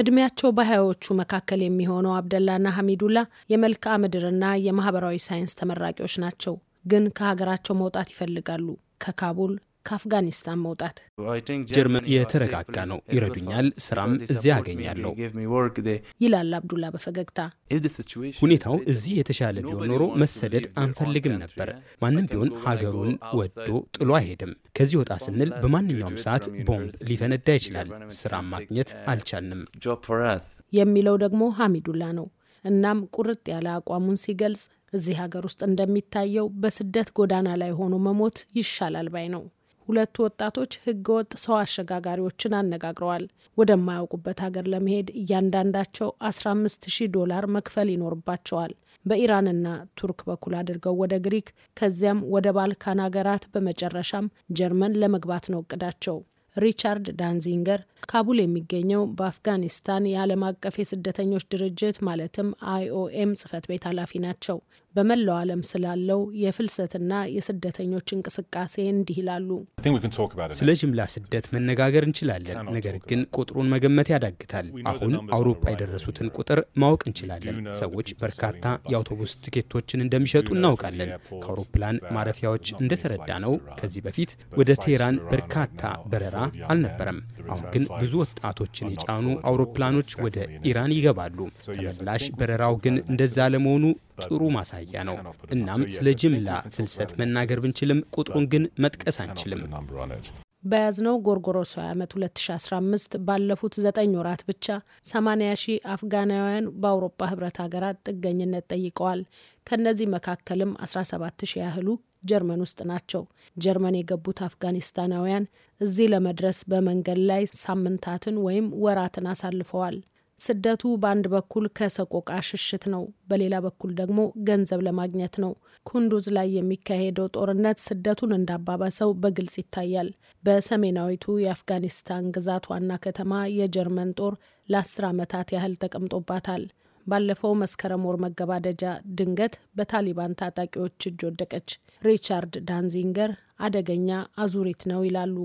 እድሜያቸው በሀያዎቹ መካከል የሚሆነው አብደላና ሀሚዱላ የመልክዓ ምድርና የማህበራዊ ሳይንስ ተመራቂዎች ናቸው። ግን ከሀገራቸው መውጣት ይፈልጋሉ። ከካቡል ከአፍጋኒስታን መውጣት። ጀርመን የተረጋጋ ነው፣ ይረዱኛል፣ ስራም እዚያ አገኛለሁ ይላል አብዱላ በፈገግታ። ሁኔታው እዚህ የተሻለ ቢሆን ኖሮ መሰደድ አንፈልግም ነበር። ማንም ቢሆን ሀገሩን ወዶ ጥሎ አይሄድም። ከዚህ ወጣ ስንል በማንኛውም ሰዓት ቦምብ ሊፈነዳ ይችላል። ስራ ማግኘት አልቻልንም የሚለው ደግሞ ሀሚዱላ ነው። እናም ቁርጥ ያለ አቋሙን ሲገልጽ እዚህ ሀገር ውስጥ እንደሚታየው በስደት ጎዳና ላይ ሆኖ መሞት ይሻላል ባይ ነው። ሁለቱ ወጣቶች ህገወጥ ሰው አሸጋጋሪዎችን አነጋግረዋል። ወደማያውቁበት ሀገር ለመሄድ እያንዳንዳቸው 150 ዶላር መክፈል ይኖርባቸዋል። በኢራንና ቱርክ በኩል አድርገው ወደ ግሪክ ከዚያም ወደ ባልካን ሀገራት በመጨረሻም ጀርመን ለመግባት ነው እቅዳቸው። ሪቻርድ ዳንዚንገር ካቡል የሚገኘው በአፍጋኒስታን የዓለም አቀፍ የስደተኞች ድርጅት ማለትም አይኦኤም ጽህፈት ቤት ኃላፊ ናቸው። በመላው ዓለም ስላለው የፍልሰትና የስደተኞች እንቅስቃሴ እንዲህ ይላሉ። ስለ ጅምላ ስደት መነጋገር እንችላለን፣ ነገር ግን ቁጥሩን መገመት ያዳግታል። አሁን አውሮፓ የደረሱትን ቁጥር ማወቅ እንችላለን። ሰዎች በርካታ የአውቶቡስ ትኬቶችን እንደሚሸጡ እናውቃለን። ከአውሮፕላን ማረፊያዎች እንደተረዳ ነው ከዚህ በፊት ወደ ቴህራን በርካታ በረራ አልነበረም። አሁን ግን ብዙ ወጣቶችን የጫኑ አውሮፕላኖች ወደ ኢራን ይገባሉ። ተመላሽ በረራው ግን እንደዛ ለመሆኑ ጥሩ ማሳያ ነው። እናም ስለ ጅምላ ፍልሰት መናገር ብንችልም ቁጥሩን ግን መጥቀስ አንችልም። በያዝነው ጎርጎሮሳዊ ዓመት 2015 ባለፉት ዘጠኝ ወራት ብቻ 80 ሺህ አፍጋናውያን በአውሮፓ ህብረት ሀገራት ጥገኝነት ጠይቀዋል። ከእነዚህ መካከልም 17 ሺህ ያህሉ ጀርመን ውስጥ ናቸው። ጀርመን የገቡት አፍጋኒስታናውያን እዚህ ለመድረስ በመንገድ ላይ ሳምንታትን ወይም ወራትን አሳልፈዋል። ስደቱ በአንድ በኩል ከሰቆቃ ሽሽት ነው፣ በሌላ በኩል ደግሞ ገንዘብ ለማግኘት ነው። ኩንዱዝ ላይ የሚካሄደው ጦርነት ስደቱን እንዳባባሰው በግልጽ ይታያል። በሰሜናዊቱ የአፍጋኒስታን ግዛት ዋና ከተማ የጀርመን ጦር ለአስር ዓመታት ያህል ተቀምጦባታል። ባለፈው መስከረም ወር መገባደጃ ድንገት በታሊባን ታጣቂዎች እጅ ወደቀች። ሪቻርድ ዳንዚንገር አደገኛ አዙሪት ነው ይላሉ።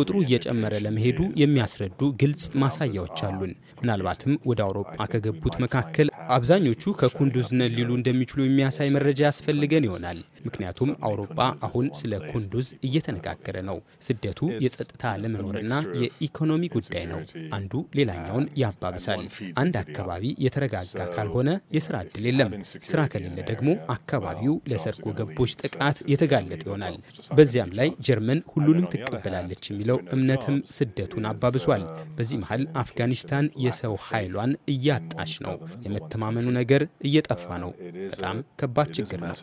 ቁጥሩ እየጨመረ ለመሄዱ የሚያስረዱ ግልጽ ማሳያዎች አሉን። ምናልባትም ወደ አውሮፓ ከገቡት መካከል አብዛኞቹ ከኩንዱዝ ነን ሊሉ እንደሚችሉ የሚያሳይ መረጃ ያስፈልገን ይሆናል። ምክንያቱም አውሮፓ አሁን ስለ ኩንዱዝ እየተነጋገረ ነው። ስደቱ የጸጥታ ለመኖርና የኢኮኖሚ ጉዳይ ነው። አንዱ ሌላኛውን ያባብሳል። አንድ አካባቢ የተረጋጋ ካልሆነ የስራ እድል የለም። ስራ ከሌለ ደግሞ አካባቢው ለሰርጎ ገቦች ጥቃት የተጋለጠ ይሆናል። ይገኛል። በዚያም ላይ ጀርመን ሁሉንም ትቀበላለች የሚለው እምነትም ስደቱን አባብሷል። በዚህ መሀል አፍጋኒስታን የሰው ኃይሏን እያጣች ነው። የመተማመኑ ነገር እየጠፋ ነው። በጣም ከባድ ችግር ነው።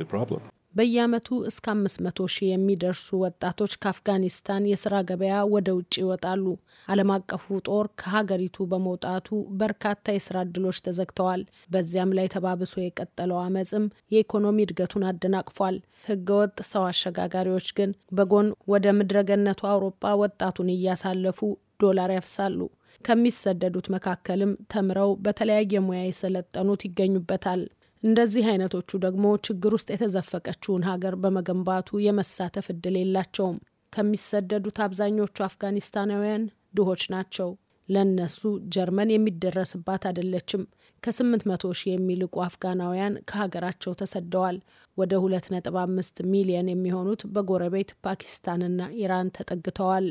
በየዓመቱ እስከ 500 ሺህ የሚደርሱ ወጣቶች ከአፍጋኒስታን የስራ ገበያ ወደ ውጭ ይወጣሉ። ዓለም አቀፉ ጦር ከሀገሪቱ በመውጣቱ በርካታ የስራ እድሎች ተዘግተዋል። በዚያም ላይ ተባብሶ የቀጠለው አመፅም የኢኮኖሚ እድገቱን አደናቅፏል። ህገወጥ ሰው አሸጋጋሪዎች ግን በጎን ወደ ምድረገነቱ አውሮፓ ወጣቱን እያሳለፉ ዶላር ያፍሳሉ። ከሚሰደዱት መካከልም ተምረው በተለያየ ሙያ የሰለጠኑት ይገኙበታል። እንደዚህ አይነቶቹ ደግሞ ችግር ውስጥ የተዘፈቀችውን ሀገር በመገንባቱ የመሳተፍ እድል የላቸውም። ከሚሰደዱት አብዛኞቹ አፍጋኒስታናውያን ድሆች ናቸው። ለእነሱ ጀርመን የሚደረስባት አይደለችም። ከስምንት መቶ ሺህ የሚልቁ አፍጋናውያን ከሀገራቸው ተሰደዋል። ወደ 2.5 ሚሊየን የሚሆኑት በጎረቤት ፓኪስታንና ኢራን ተጠግተዋል።